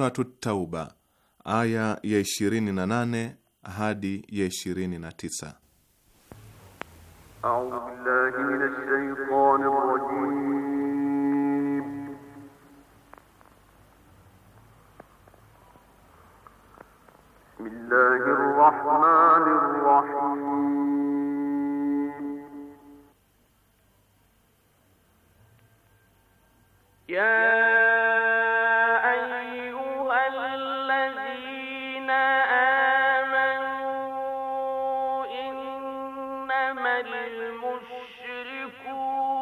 Suratut Tauba aya ya ishirini na nane hadi ya ishirini na tisa المشركون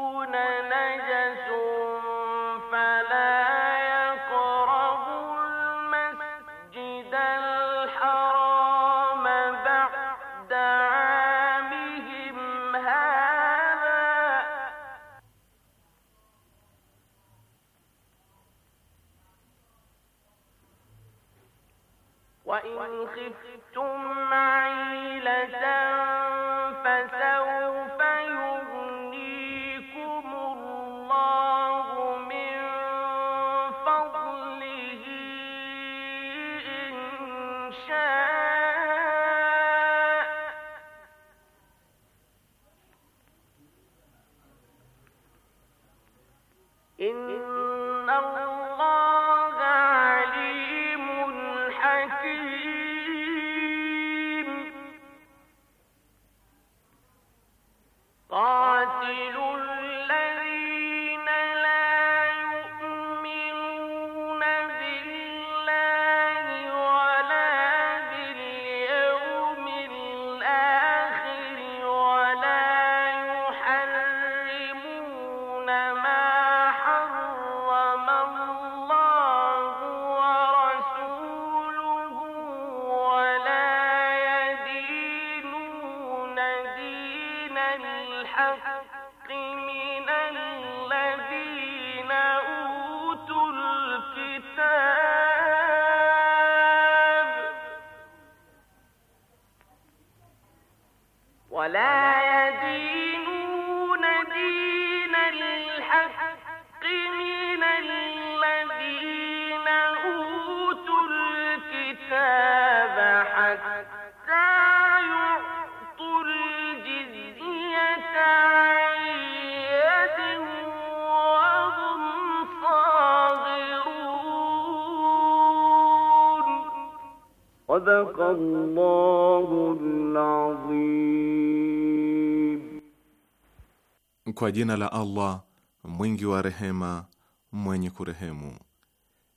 Kwa jina la Allah mwingi wa rehema, mwenye kurehemu.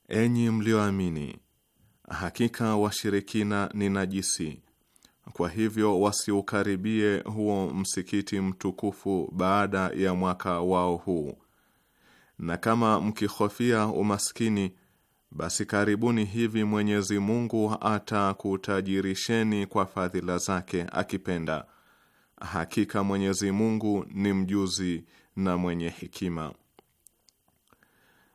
Enyi mlioamini Hakika washirikina ni najisi, kwa hivyo wasiukaribie huo msikiti mtukufu baada ya mwaka wao huu. Na kama mkihofia umaskini, basi karibuni hivi Mwenyezi Mungu atakutajirisheni kwa fadhila zake akipenda. Hakika Mwenyezi Mungu ni mjuzi na mwenye hekima.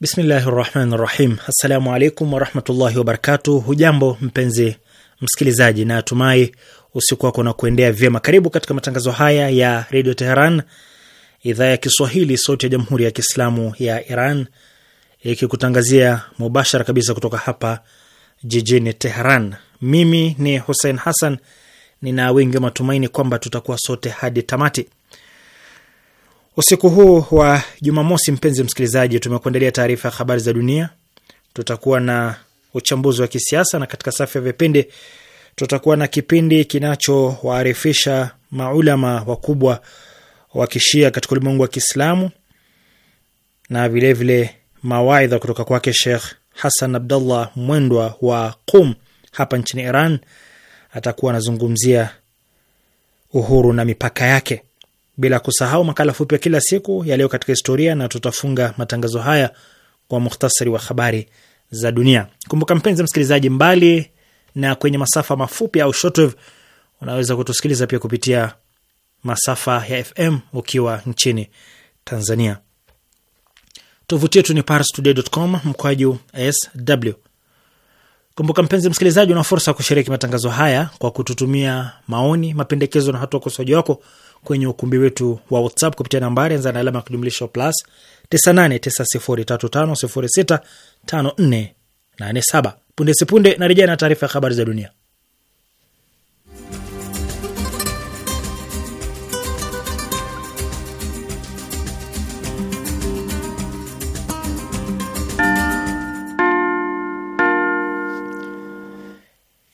Bismillahi rahmani rahim. Assalamu alaikum warahmatullahi wabarakatuh. Hujambo mpenzi msikilizaji, na atumai usiku wako na kuendea vyema. Karibu katika matangazo haya ya redio Teheran, idhaa ya Kiswahili, sauti ya jamhuri ya kiislamu ya Iran, ikikutangazia mubashara kabisa kutoka hapa jijini Teheran. Mimi ni Hussein Hassan, nina wingi wa matumaini kwamba tutakuwa sote hadi tamati. Usiku huu wa Jumamosi, mpenzi msikilizaji, tumekuandalia taarifa ya habari za dunia, tutakuwa na uchambuzi wa kisiasa, na katika safu ya vipindi tutakuwa na kipindi kinachowaarifisha maulama wakubwa wa kishia katika ulimwengu wa Kiislamu na vilevile mawaidha kutoka kwake shekh hasan Abdallah Mwendwa wa Qum hapa nchini Iran. Atakuwa anazungumzia uhuru na mipaka yake bila kusahau makala fupi ya kila siku yaliyo katika historia, na tutafunga matangazo haya kwa muhtasari wa habari za dunia. Kumbuka mpenzi msikilizaji, mbali na kwenye masafa mafupi au shortwave, unaweza kutusikiliza pia kupitia masafa ya FM ukiwa nchini Tanzania. Tovuti yetu ni parstoday.com mkwaju sw. Kumbuka mpenzi msikilizaji, una fursa ya kushiriki matangazo haya kwa kututumia maoni, mapendekezo na hata ukosoaji wako kwenye ukumbi wetu wa WhatsApp kupitia nambari anza na alama ya kujumlisha plus 989035065487. Punde sipunde narejea na taarifa ya habari za dunia.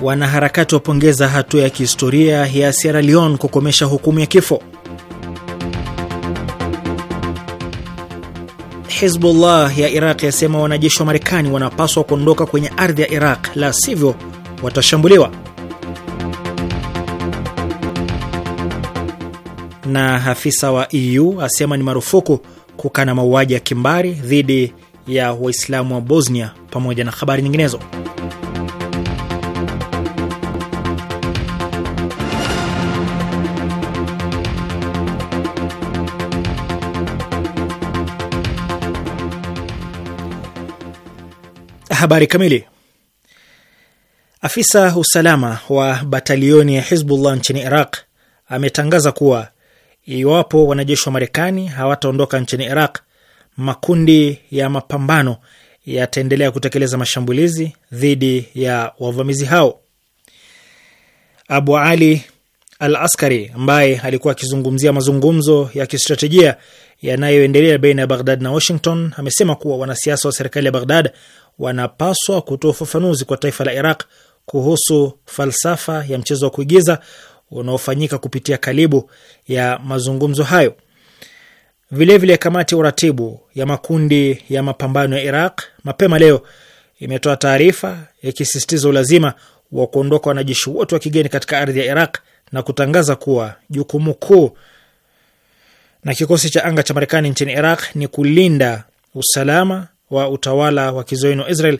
Wanaharakati wapongeza hatua ya kihistoria ya Sierra Leone kukomesha hukumu ya kifo. Hizbullah ya Iraq yasema wanajeshi wa Marekani wanapaswa kuondoka kwenye ardhi ya Iraq, la sivyo watashambuliwa. Na afisa wa EU asema ni marufuku kukana mauaji ya kimbari dhidi ya Waislamu wa Bosnia, pamoja na habari nyinginezo. Habari kamili. Afisa usalama wa batalioni ya Hizbullah nchini Iraq ametangaza kuwa iwapo wanajeshi wa Marekani hawataondoka nchini Iraq, makundi ya mapambano yataendelea kutekeleza mashambulizi dhidi ya wavamizi hao. Abu Ali Al Askari, ambaye alikuwa akizungumzia mazungumzo ya kistratejia yanayoendelea baina ya Baghdad na Washington, amesema kuwa wanasiasa wa serikali ya Baghdad wanapaswa kutoa ufafanuzi kwa taifa la Iraq kuhusu falsafa ya mchezo wa kuigiza unaofanyika kupitia kalibu ya mazungumzo hayo. Vilevile kamati ya uratibu ya makundi ya mapambano ya Iraq mapema leo imetoa taarifa ikisisitiza ulazima wa kuondoka wanajeshi wote wa kigeni katika ardhi ya Iraq na kutangaza kuwa jukumu kuu na kikosi cha anga cha Marekani nchini Iraq ni kulinda usalama wa utawala wa kizoeni wa Israel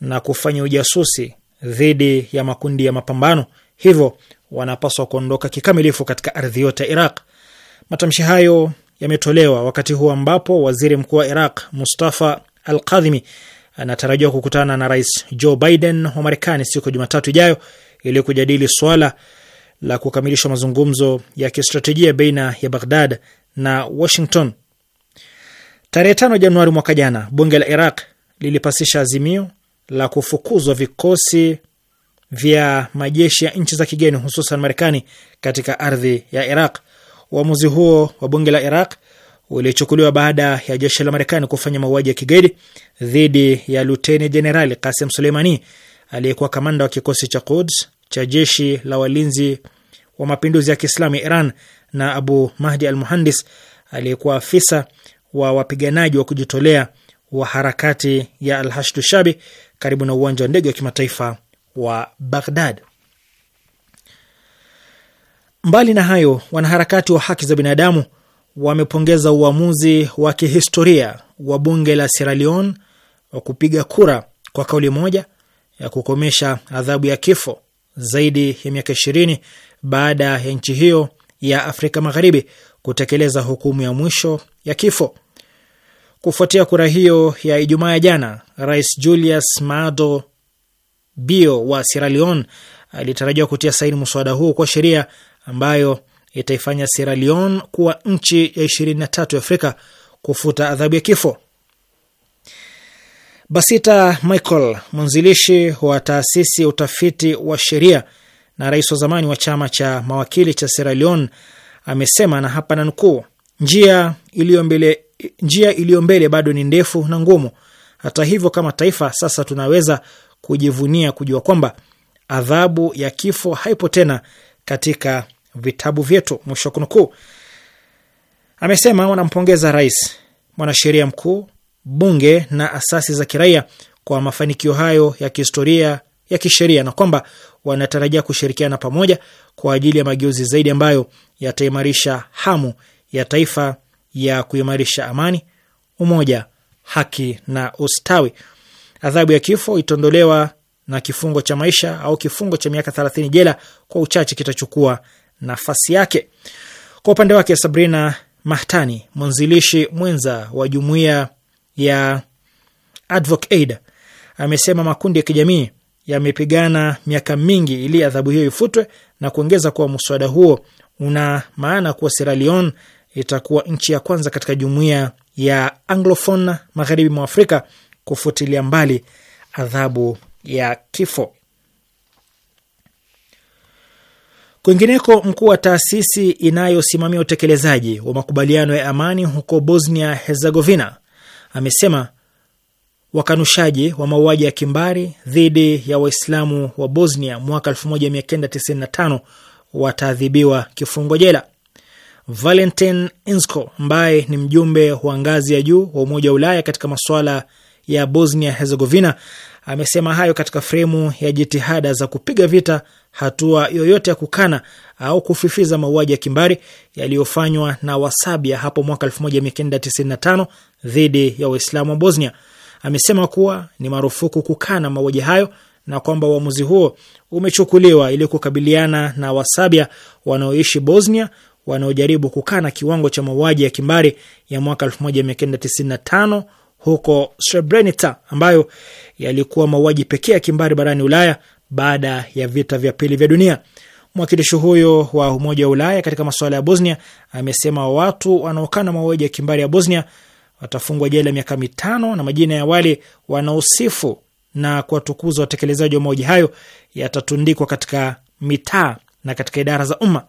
na kufanya ujasusi dhidi ya makundi ya mapambano, hivyo wanapaswa kuondoka kikamilifu katika ardhi yote ya Iraq. Matamshi hayo yametolewa wakati huu ambapo waziri mkuu wa Iraq Mustafa Al Kadhimi anatarajiwa kukutana na rais Joe Biden wa Marekani siku ya Jumatatu ijayo ili kujadili swala la kukamilishwa mazungumzo ya kistratejia baina ya Baghdad na Washington Tarehe 5 Januari mwaka jana, bunge la Iraq lilipasisha azimio la kufukuzwa vikosi vya majeshi ya nchi za kigeni hususan Marekani katika ardhi ya Iraq. Uamuzi huo wa bunge la Iraq ulichukuliwa baada ya jeshi la Marekani kufanya mauaji ya kigaidi dhidi ya luteni jenerali Kasim Suleimani aliyekuwa kamanda wa kikosi cha Quds cha jeshi la walinzi wa mapinduzi ya Kiislamu ya Iran na Abu Mahdi al Muhandis aliyekuwa afisa wa wapiganaji wa kujitolea wa harakati ya hashdu Shabi karibu na uwanja wa ndege wa kimataifa wa Baghdad. Mbali na hayo, wanaharakati wa haki za binadamu wamepongeza uamuzi wa kihistoria wa bunge la Sierra Leone wa kupiga kura kwa kauli moja ya kukomesha adhabu ya kifo zaidi ya miaka ishirini baada ya nchi hiyo ya Afrika Magharibi kutekeleza hukumu ya mwisho ya kifo. Kufuatia kura hiyo ya Ijumaa ya jana, Rais Julius Maado Bio wa Sierra Leone alitarajiwa kutia saini mswada huo kwa sheria ambayo itaifanya Sierra Leone kuwa nchi ya tatu ya Afrika kufuta adhabu ya kifo. Basita Michael, mwanzilishi wa taasisi ya utafiti wa sheria na rais wa zamani wa chama cha mawakili cha Sierra Leone, amesema na hapa nanukuu, njia iliyo mbele njia iliyo mbele bado ni ndefu na ngumu. Hata hivyo, kama taifa sasa tunaweza kujivunia kujua kwamba adhabu ya kifo haipo tena katika vitabu vyetu, mwisho kunukuu. Amesema wanampongeza rais, mwanasheria mkuu, bunge na asasi za kiraia kwa mafanikio hayo ya kihistoria ya kisheria na kwamba wanatarajia kushirikiana pamoja kwa ajili ya mageuzi zaidi ambayo yataimarisha hamu ya taifa ya kuimarisha amani, umoja, haki na ustawi. Adhabu ya kifo itaondolewa na kifungo cha maisha au kifungo cha miaka thelathini jela kwa uchache kitachukua nafasi yake. Kwa upande wake, Sabrina Mahtani, mwanzilishi mwenza wa jumuiya ya AdvocAid, amesema makundi ya kijamii yamepigana miaka mingi ili adhabu hiyo ifutwe na kuongeza kuwa mswada huo una maana kuwa Sierra Leone itakuwa nchi ya kwanza katika jumuiya ya Anglofon magharibi mwa Afrika kufutilia mbali adhabu ya kifo. Kwingineko, mkuu wa taasisi inayosimamia utekelezaji wa makubaliano ya amani huko Bosnia Herzegovina amesema wakanushaji wa mauaji ya kimbari dhidi ya Waislamu wa Bosnia mwaka 1995 wataadhibiwa kifungo jela. Valentin insco ambaye ni mjumbe wa ngazi ya juu wa Umoja wa Ulaya katika masuala ya Bosnia Herzegovina amesema hayo katika fremu ya jitihada za kupiga vita hatua yoyote ya kukana au kufifiza mauaji ya kimbari yaliyofanywa na Wasabia hapo mwaka 1995 dhidi ya Waislamu wa Bosnia. Amesema kuwa ni marufuku kukana mauaji hayo na kwamba uamuzi huo umechukuliwa ili kukabiliana na Wasabia wanaoishi Bosnia wanaojaribu kukana kiwango cha mauaji ya kimbari ya mwaka 1995 huko Srebrenica, ambayo yalikuwa mauaji pekee ya kimbari barani Ulaya baada ya vita vya pili vya dunia. Mwakilishi huyo wa Umoja wa Ulaya katika masuala ya Bosnia amesema watu wanaokana mauaji ya kimbari ya Bosnia watafungwa jela miaka mitano na majina ya wale wanaosifu na kuwatukuza watekelezaji wa mauaji hayo yatatundikwa katika mitaa na katika idara za umma.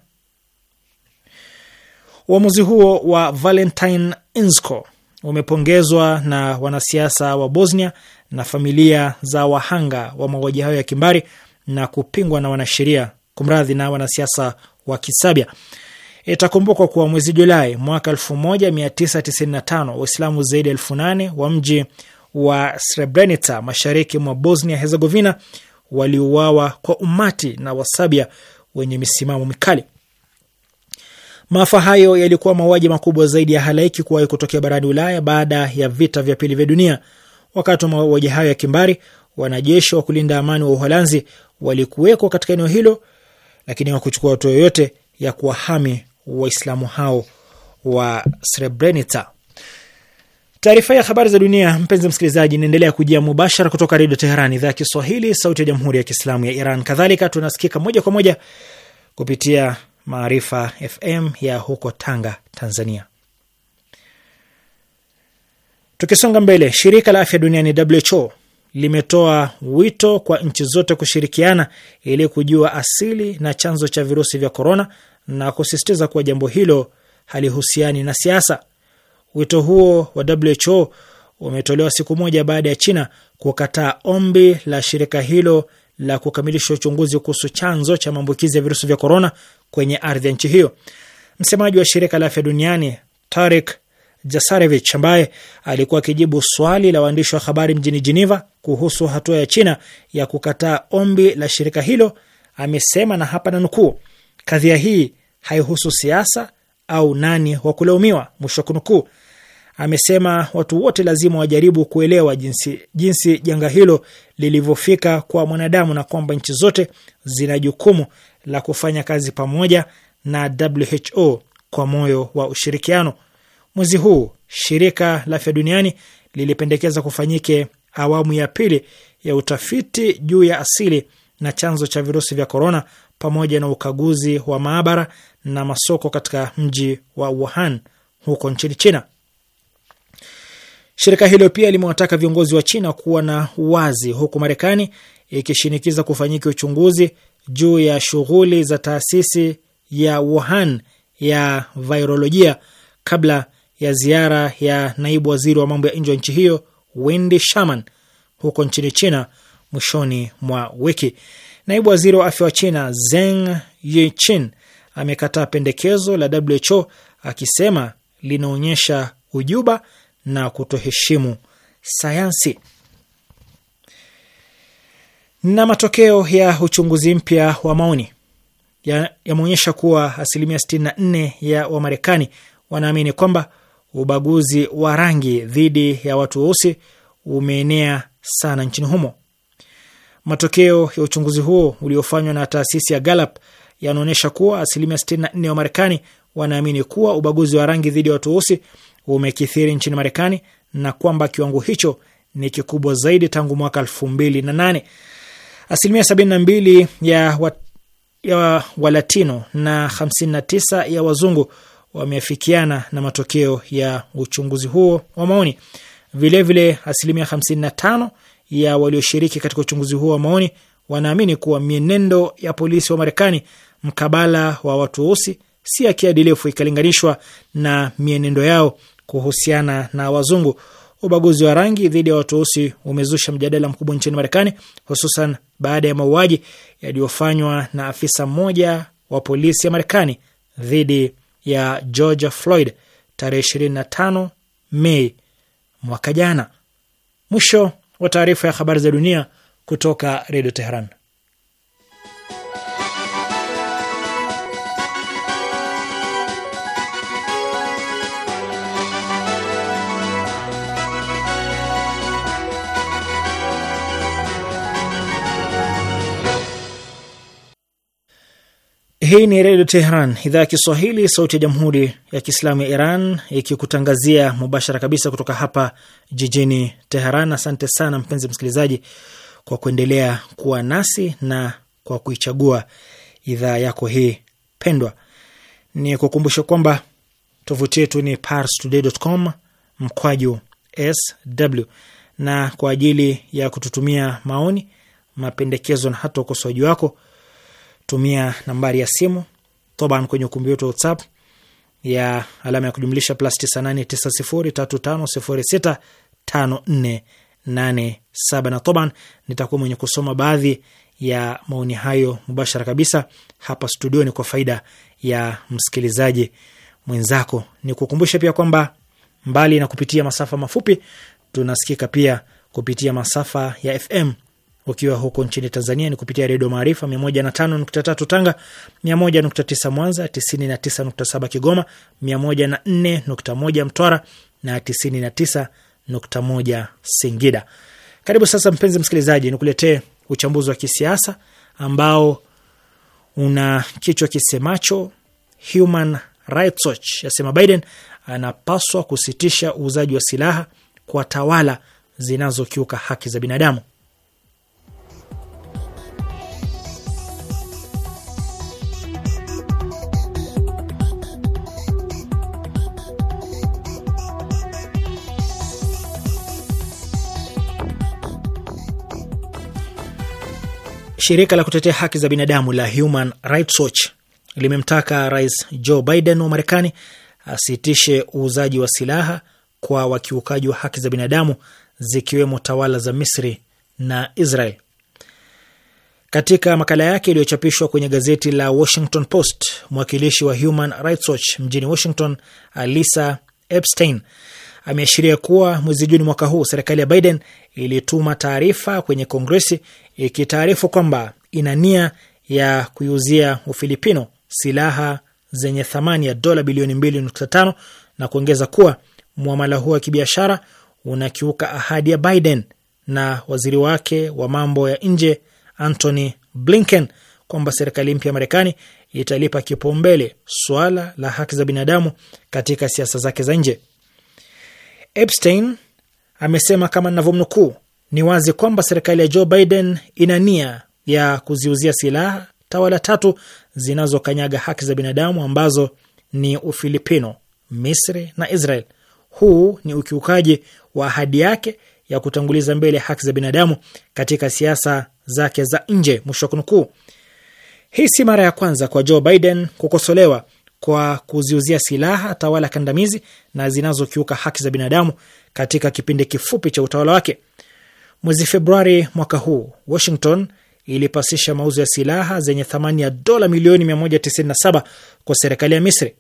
Uamuzi huo wa Valentin insco umepongezwa na wanasiasa wa Bosnia na familia za wahanga wa mauaji hayo ya kimbari na kupingwa na wanasheria kumradhi, na wanasiasa wa Kisabia. Itakumbukwa kuwa mwezi Julai mwaka 1995 Waislamu zaidi ya elfu nane wa mji wa Srebrenica mashariki mwa Bosnia Herzegovina waliuawa kwa umati na Wasabia wenye misimamo mikali. Maafa hayo yalikuwa mauaji makubwa zaidi ya halaiki kuwahi kutokea barani Ulaya baada ya vita vya pili vya dunia. Wakati wa mauaji hayo ya kimbari, wanajeshi wa kulinda amani wa Uholanzi walikuwekwa katika eneo hilo, lakini hawakuchukua hatua yoyote ya kuwahami Waislamu hao wa Srebrenica. Taarifa ya habari za dunia, mpenzi msikilizaji, inaendelea kujia mubashara kutoka Redio Teheran, idhaa ya Kiswahili, sauti ya jamhuri ya kiislamu ya Iran. Kadhalika tunasikika moja kwa moja kupitia Maarifa FM ya huko Tanga, Tanzania. Tukisonga mbele, shirika la afya duniani WHO limetoa wito kwa nchi zote kushirikiana ili kujua asili na chanzo cha virusi vya korona na kusisitiza kuwa jambo hilo halihusiani na siasa. Wito huo wa WHO umetolewa siku moja baada ya China kukataa ombi la shirika hilo la kukamilisha uchunguzi kuhusu chanzo cha maambukizi ya virusi vya korona kwenye ardhi ya nchi hiyo. Msemaji wa shirika la afya duniani Tarik Jasarevich, ambaye alikuwa akijibu swali la waandishi wa habari mjini Jeneva kuhusu hatua ya China ya kukataa ombi la shirika hilo, amesema na hapa nanukuu, kadhia hii haihusu siasa au nani wa kulaumiwa, mwisho wa kunukuu amesema watu wote lazima wajaribu kuelewa jinsi, jinsi janga hilo lilivyofika kwa mwanadamu na kwamba nchi zote zina jukumu la kufanya kazi pamoja na WHO kwa moyo wa ushirikiano. Mwezi huu shirika la afya duniani lilipendekeza kufanyike awamu ya pili ya utafiti juu ya asili na chanzo cha virusi vya korona pamoja na ukaguzi wa maabara na masoko katika mji wa Wuhan huko nchini China. Shirika hilo pia limewataka viongozi wa China kuwa na uwazi, huku Marekani ikishinikiza kufanyika uchunguzi juu ya shughuli za taasisi ya Wuhan ya virolojia kabla ya ziara ya naibu waziri wa mambo ya nje wa nchi hiyo Wendy Sherman huko nchini China mwishoni mwa wiki. Naibu waziri wa afya wa China Zeng Yichin amekataa pendekezo la WHO akisema linaonyesha ujuba na kutoheshimu sayansi. Na matokeo ya uchunguzi mpya wa maoni yameonyesha ya kuwa asilimia 64 ya Wamarekani wanaamini kwamba ubaguzi wa rangi dhidi ya watu weusi umeenea sana nchini humo. Matokeo ya uchunguzi huo uliofanywa na taasisi ya Gallup yanaonyesha kuwa asilimia 64 ya Wamarekani wanaamini kuwa ubaguzi wa rangi dhidi ya watu weusi umekithiri nchini Marekani na kwamba kiwango hicho ni kikubwa zaidi tangu mwaka elfu mbili na nane. Asilimia sabini na mbili ya, wa, ya Walatino na hamsini na tisa ya wazungu wameafikiana na matokeo ya uchunguzi huo wa maoni. Vilevile, asilimia hamsini na tano ya walioshiriki katika uchunguzi huo wa maoni wanaamini kuwa mienendo ya polisi wa Marekani mkabala wa watu weusi si ya kiadilifu ikilinganishwa na mienendo yao kuhusiana na wazungu. Ubaguzi wa rangi dhidi ya watu weusi umezusha mjadala mkubwa nchini Marekani, hususan baada ya mauaji yaliyofanywa na afisa mmoja wa polisi ya Marekani dhidi ya George Floyd tarehe 25 Mei mwaka jana. Mwisho wa taarifa ya habari za dunia kutoka Redio Teheran. Hii ni Redio Tehran, idhaa ya Kiswahili, sauti ya Jamhuri ya Kiislamu ya Iran, ikikutangazia mubashara kabisa kutoka hapa jijini Teheran. Asante sana mpenzi msikilizaji kwa kuendelea kuwa nasi na kwa kuichagua idhaa yako hii pendwa. Ni kukumbusha kwamba tovuti yetu ni parstoday.com mkwaju sw, na kwa ajili ya kututumia maoni, mapendekezo na hata ukosoaji wako tumia nambari ya simu toban kwenye ukumbi wetu wa WhatsApp ya alama ya kujumlisha plus 989035065487 na toban, nitakuwa mwenye kusoma baadhi ya maoni hayo mubashara kabisa hapa studioni kwa faida ya msikilizaji mwenzako. Ni kukumbusha pia kwamba mbali na kupitia masafa mafupi, tunasikika pia kupitia masafa ya FM ukiwa huko nchini Tanzania ni kupitia Redio Maarifa 105.3 Tanga, 101.9 Mwanza, 99.7 Kigoma, 104.1 Mtwara na 99.1 Singida. Karibu sasa, mpenzi msikilizaji, nikuletee uchambuzi wa kisiasa ambao una kichwa kisemacho Human Rights Watch yasema Biden anapaswa kusitisha uuzaji wa silaha kwa tawala zinazokiuka haki za binadamu. Shirika la kutetea haki za binadamu la Human Rights Watch limemtaka Rais Joe Biden wa Marekani asitishe uuzaji wa silaha kwa wakiukaji wa haki za binadamu zikiwemo tawala za Misri na Israel. Katika makala yake iliyochapishwa kwenye gazeti la Washington Post, mwakilishi wa Human Rights Watch mjini Washington, Alisa Epstein ameashiria kuwa mwezi Juni mwaka huu serikali ya Biden ilituma taarifa kwenye Kongresi ikitaarifu kwamba ina nia ya kuiuzia Ufilipino silaha zenye thamani ya dola bilioni 2.5 na kuongeza kuwa mwamala huo wa kibiashara unakiuka ahadi ya Biden na waziri wake wa mambo ya nje Antony Blinken kwamba serikali mpya ya Marekani italipa kipaumbele swala la haki za binadamu katika siasa zake za nje. Epstein amesema kama ninavyomnukuu, ni wazi kwamba serikali ya Joe Biden ina nia ya kuziuzia silaha tawala tatu zinazokanyaga haki za binadamu ambazo ni Ufilipino, Misri na Israel. Huu ni ukiukaji wa ahadi yake ya kutanguliza mbele haki za binadamu katika siasa zake za nje, mwisho wa kunukuu. Hii si mara ya kwanza kwa Joe Biden kukosolewa kwa kuziuzia silaha tawala kandamizi na zinazokiuka haki za binadamu katika kipindi kifupi cha utawala wake. Mwezi Februari mwaka huu, Washington ilipasisha mauzo ya silaha zenye thamani ya dola milioni 197 kwa serikali ya Misri.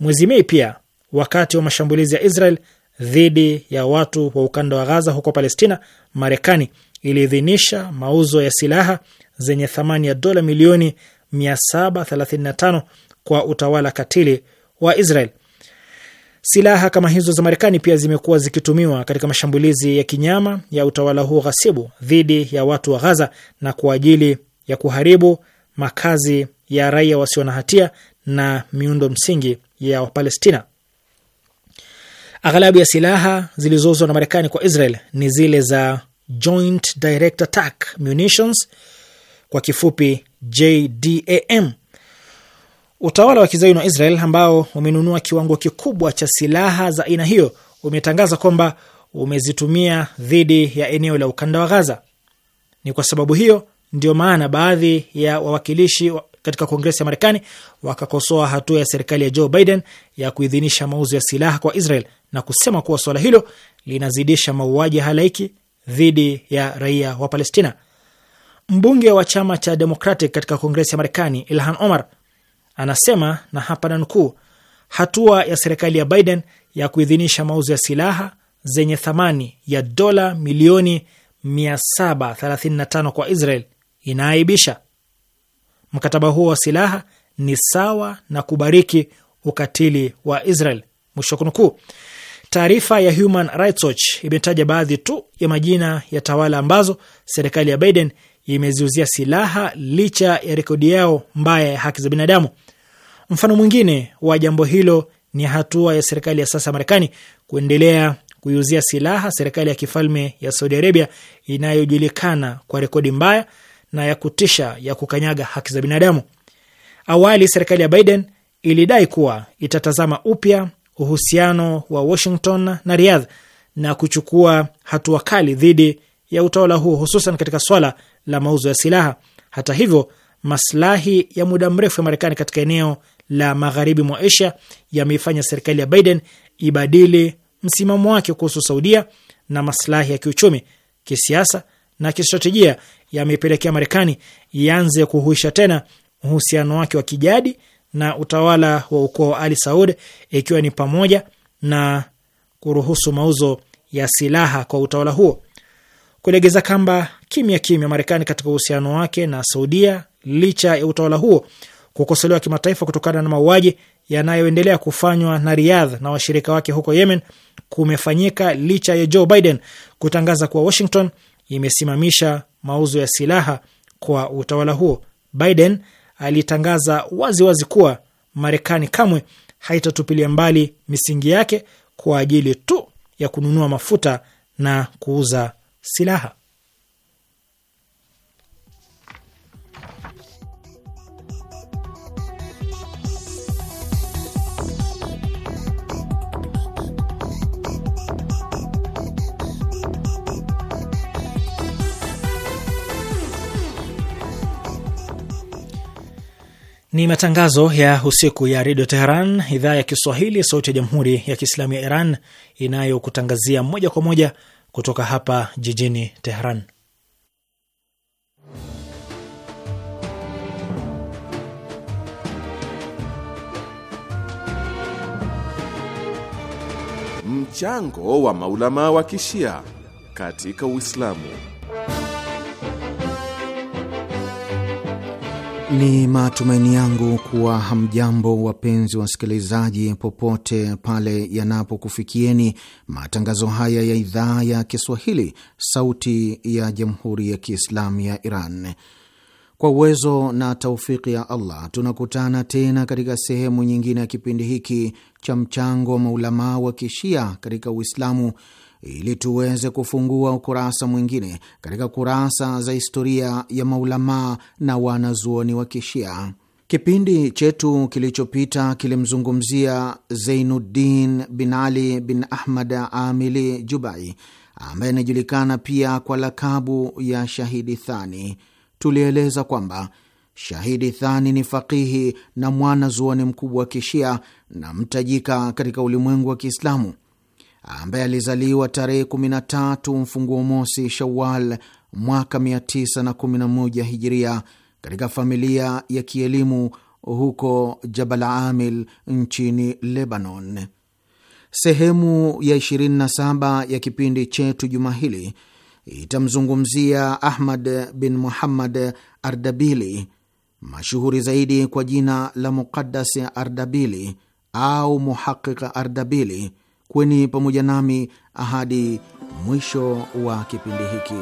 Mwezi Mei pia, wakati wa mashambulizi ya Israel dhidi ya watu wa ukanda wa Gaza huko Palestina, Marekani iliidhinisha mauzo ya silaha zenye thamani ya dola milioni 735 kwa utawala katili wa Israel. Silaha kama hizo za Marekani pia zimekuwa zikitumiwa katika mashambulizi ya kinyama ya utawala huo ghasibu dhidi ya watu wa Ghaza na kwa ajili ya kuharibu makazi ya raia wasio na hatia na miundo msingi ya Wapalestina. Aghalabu ya silaha zilizouzwa na Marekani kwa Israel ni zile za Joint Direct Attack Munitions, kwa kifupi JDAM, Utawala wa kizayuni wa Israel ambao umenunua kiwango kikubwa cha silaha za aina hiyo umetangaza kwamba umezitumia dhidi ya eneo la ukanda wa Gaza. Ni kwa sababu hiyo ndio maana baadhi ya wawakilishi katika Kongresi ya Marekani wakakosoa hatua ya serikali ya Joe Biden ya kuidhinisha mauzo ya silaha kwa Israel na kusema kuwa suala hilo linazidisha mauaji halaiki dhidi ya raia wa Palestina. Mbunge wa chama cha Democratic katika Kongresi ya Marekani Ilhan Omar Anasema, na hapa nanukuu, hatua ya serikali ya Biden ya kuidhinisha mauzo ya silaha zenye thamani ya dola milioni 735 kwa Israel inaaibisha. Mkataba huo wa silaha ni sawa na kubariki ukatili wa Israel, mwisho kunukuu. Taarifa ya Human Rights Watch imetaja baadhi tu ya majina ya tawala ambazo serikali ya Biden imeziuzia silaha licha ya rekodi yao mbaya ya haki za binadamu. Mfano mwingine wa jambo hilo ni hatua ya serikali ya sasa Marekani kuendelea kuiuzia silaha serikali ya kifalme ya Saudi Arabia inayojulikana kwa rekodi mbaya na ya kutisha ya kukanyaga haki za binadamu. Awali serikali ya Biden ilidai kuwa itatazama upya uhusiano wa Washington na Riyadh na kuchukua hatua kali dhidi ya utawala huo, hususan katika swala la mauzo ya silaha. Hata hivyo, maslahi ya muda mrefu ya Marekani katika eneo la magharibi mwa Asia yameifanya serikali ya Biden ibadili msimamo wake kuhusu Saudia na maslahi ya kiuchumi, kisiasa na kistratejia yamepelekea Marekani ianze kuhuisha tena uhusiano wake wa kijadi na utawala wa ukoo wa Ali Saud, ikiwa ni pamoja na kuruhusu mauzo ya silaha kwa utawala huo. Kulegeza kamba kimya kimya Marekani katika uhusiano wake na Saudia licha ya utawala huo kukosolewa kimataifa kutokana na mauaji yanayoendelea kufanywa na Riyadh na washirika wake huko Yemen kumefanyika licha ya Joe Biden kutangaza kuwa Washington imesimamisha mauzo ya silaha kwa utawala huo. Biden alitangaza waziwazi wazi kuwa Marekani kamwe haitatupilia mbali misingi yake kwa ajili tu ya kununua mafuta na kuuza silaha. Ni matangazo ya usiku ya redio Teheran, idhaa ya Kiswahili, sauti ya jamhuri ya kiislamu ya Iran, inayokutangazia moja kwa moja kutoka hapa jijini Teheran. Mchango wa maulama wa kishia katika Uislamu. Ni matumaini yangu kuwa hamjambo, wapenzi wasikilizaji, popote pale yanapokufikieni matangazo haya ya idhaa ya Kiswahili, Sauti ya Jamhuri ya Kiislamu ya Iran. Kwa uwezo na taufiki ya Allah, tunakutana tena katika sehemu nyingine ya kipindi hiki cha mchango wa maulamaa wa Kishia katika Uislamu ili tuweze kufungua ukurasa mwingine katika kurasa za historia ya maulamaa na wanazuoni wa Kishia. Kipindi chetu kilichopita kilimzungumzia Zeinuddin bin Ali bin Ahmad Amili Jubai, ambaye anajulikana pia kwa lakabu ya Shahidi Thani. Tulieleza kwamba Shahidi Thani ni fakihi na mwana zuoni mkubwa wa Kishia na mtajika katika ulimwengu wa Kiislamu ambaye alizaliwa tarehe 13 mfunguo mosi Shawal mwaka 911 Hijiria katika familia ya kielimu huko Jabal Amil nchini Lebanon. Sehemu ya 27 ya kipindi chetu juma hili itamzungumzia Ahmad bin Muhammad Ardabili, mashuhuri zaidi kwa jina la Muqaddas Ardabili au Muhaqiq Ardabili Kweni pamoja nami hadi mwisho wa kipindi hiki.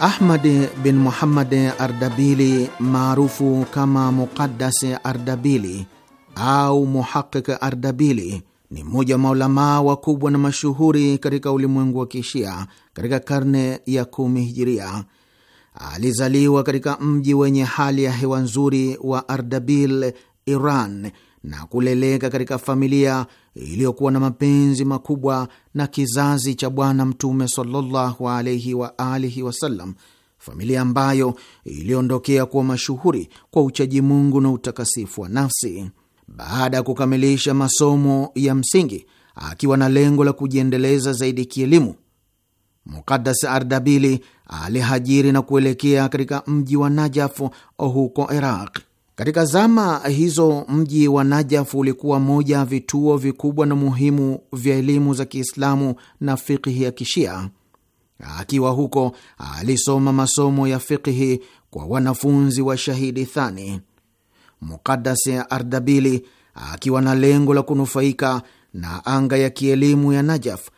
Ahmad bin Muhammad Ardabili maarufu kama Muqaddas Ardabili au Muhaqiq Ardabili ni mmoja wa maulamaa wakubwa na mashuhuri katika ulimwengu wa Kishia katika karne ya kumi hijiria. Alizaliwa katika mji wenye hali ya hewa nzuri wa Ardabil, Iran, na kuleleka katika familia iliyokuwa na mapenzi makubwa na kizazi cha Bwana Mtume sallallahu alaihi wa alihi wasallam, familia ambayo iliondokea kuwa mashuhuri kwa uchaji Mungu na utakasifu wa nafsi. Baada ya kukamilisha masomo ya msingi, akiwa na lengo la kujiendeleza zaidi kielimu Mukadas Ardabili alihajiri na kuelekea katika mji wa Najaf huko Iraq. Katika zama hizo mji wa Najaf ulikuwa moja ya vituo vikubwa na muhimu vya elimu za Kiislamu na fikihi ya Kishia. Akiwa huko alisoma masomo ya fikihi kwa wanafunzi wa Shahidi Thani. Mukadas Ardabili akiwa na lengo la kunufaika na anga ya kielimu ya Najaf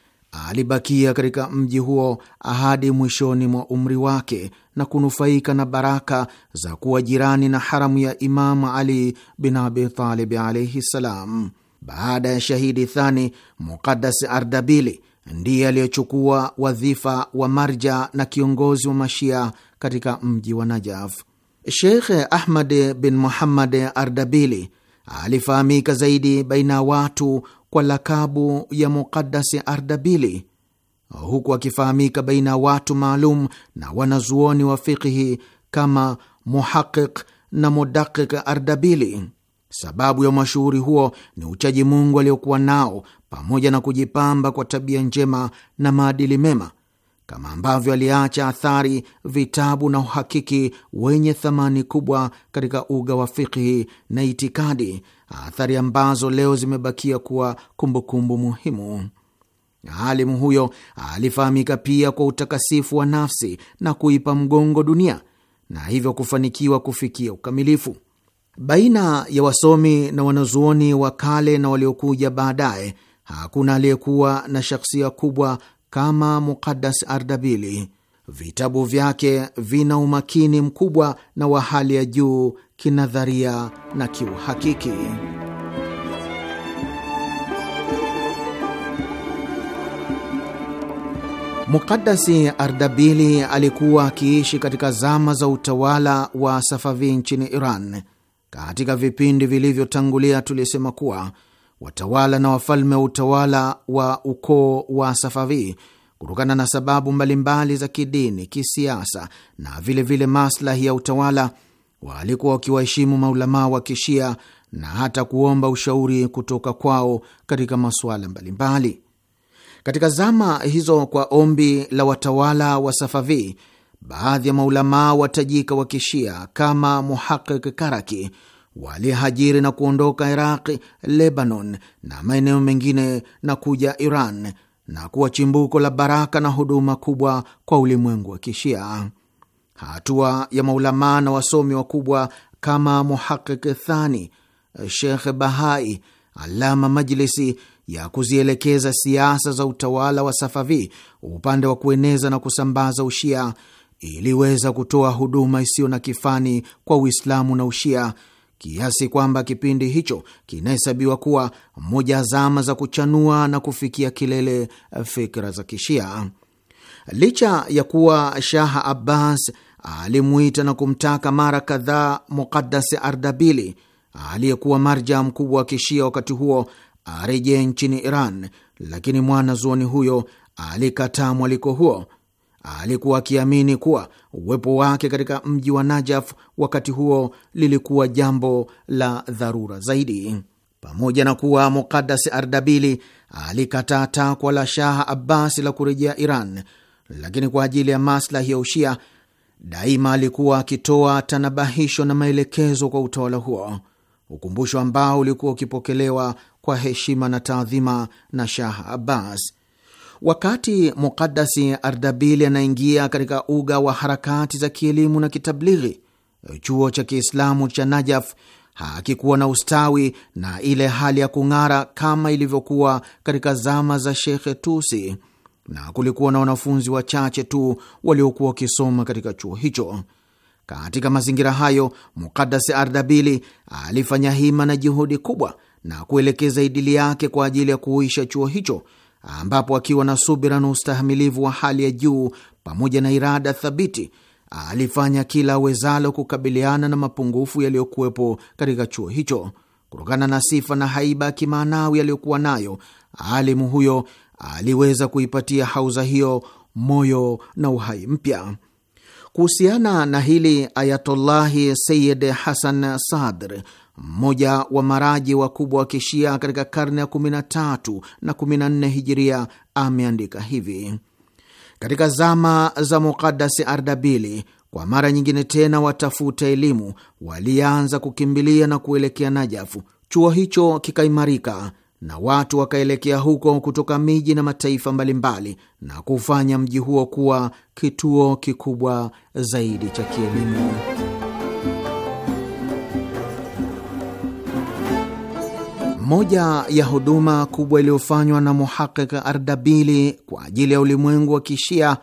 alibakia katika mji huo hadi mwishoni mwa umri wake na kunufaika na baraka za kuwa jirani na haramu ya Imamu Ali bin Abi Talib alaihi ssalam. Baada ya shahidi Thani, Muqadas Ardabili ndiye aliyechukua wadhifa wa marja na kiongozi wa Mashia katika mji wa Najaf. Sheikh Ahmad bin Muhammad Ardabili alifahamika zaidi baina ya watu kwa lakabu ya muqadasi Ardabili, huku akifahamika baina ya watu maalum na wanazuoni wa fikhi kama Muhaqiq na Mudaqiq Ardabili. Sababu ya mashuhuri huo ni uchaji Mungu aliokuwa nao pamoja na kujipamba kwa tabia njema na maadili mema kama ambavyo aliacha athari, vitabu na uhakiki wenye thamani kubwa katika uga wa fikhi na itikadi, athari ambazo leo zimebakia kuwa kumbukumbu muhimu. Alimu huyo alifahamika pia kwa utakasifu wa nafsi na kuipa mgongo dunia na hivyo kufanikiwa kufikia ukamilifu. Baina ya wasomi na wanazuoni wa kale na waliokuja baadaye, hakuna aliyekuwa na shakhsia kubwa kama Mukadas Ardabili. Vitabu vyake vina umakini mkubwa na wa hali ya juu kinadharia na kiuhakiki. Mukadasi Ardabili alikuwa akiishi katika zama za utawala wa Safavi nchini Iran. Katika vipindi vilivyotangulia tulisema kuwa watawala na wafalme wa utawala wa ukoo wa Safavi kutokana na sababu mbalimbali za kidini, kisiasa na vilevile vile maslahi ya utawala, walikuwa wakiwaheshimu maulamaa wa Kishia na hata kuomba ushauri kutoka kwao katika masuala mbalimbali. Katika zama hizo, kwa ombi la watawala wa Safavi, baadhi ya maulamaa watajika wa Kishia kama Muhaqiq Karaki walihajiri na kuondoka Iraqi, Lebanon na maeneo mengine na kuja Iran na kuwa chimbuko la baraka na huduma kubwa kwa ulimwengu wa Kishia. Hatua ya maulamaa na wasomi wakubwa kama Muhaqiq Thani, Shekh Bahai, Alama Majlisi ya kuzielekeza siasa za utawala wa Safavi upande wa kueneza na kusambaza Ushia iliweza kutoa huduma isiyo na kifani kwa Uislamu na Ushia kiasi kwamba kipindi hicho kinahesabiwa kuwa moja zama za kuchanua na kufikia kilele eh, fikra za Kishia. Licha ya kuwa Shah Abbas alimuita na kumtaka mara kadhaa Muqaddas Ardabili aliyekuwa marja mkubwa wa Kishia wakati huo arejee nchini Iran, lakini mwana zuoni huyo alikataa mwaliko huo. Alikuwa akiamini kuwa Uwepo wake katika mji wa Najaf wakati huo lilikuwa jambo la dharura zaidi. Pamoja na kuwa Muqaddas Ardabili alikataa takwa la Shah Abbas la kurejea Iran, lakini kwa ajili ya maslahi ya Ushia daima alikuwa akitoa tanabahisho na maelekezo kwa utawala huo, ukumbusho ambao ulikuwa ukipokelewa kwa heshima na taadhima na Shah Abbas. Wakati Mukadasi Ardabili anaingia katika uga wa harakati za kielimu na kitablighi, chuo cha Kiislamu cha Najaf hakikuwa na ustawi na ile hali ya kung'ara kama ilivyokuwa katika zama za Shekhe Tusi, na kulikuwa na wanafunzi wachache tu waliokuwa wakisoma katika chuo hicho. Katika mazingira hayo, Mukadasi Ardabili alifanya hima na juhudi kubwa na kuelekeza idili yake kwa ajili ya kuuisha chuo hicho ambapo akiwa na subira na ustahamilivu wa hali ya juu pamoja na irada thabiti alifanya kila awezalo kukabiliana na mapungufu yaliyokuwepo katika chuo hicho. Kutokana na sifa na haiba ya kimaanawi aliyokuwa nayo, alimu huyo aliweza kuipatia hauza hiyo moyo na uhai mpya. Kuhusiana na hili, Ayatollahi Sayid Hasan Sadr mmoja wa maraji wakubwa wa kishia katika karne ya 13 na 14 hijiria, ameandika hivi: katika zama za Mukadasi Ardabili, kwa mara nyingine tena watafuta elimu walianza kukimbilia na kuelekea Najafu. Chuo hicho kikaimarika na watu wakaelekea huko kutoka miji na mataifa mbalimbali na kufanya mji huo kuwa kituo kikubwa zaidi cha kielimu. Moja ya huduma kubwa iliyofanywa na Muhaqiq Ardabili kwa ajili ya ulimwengu wa Kishia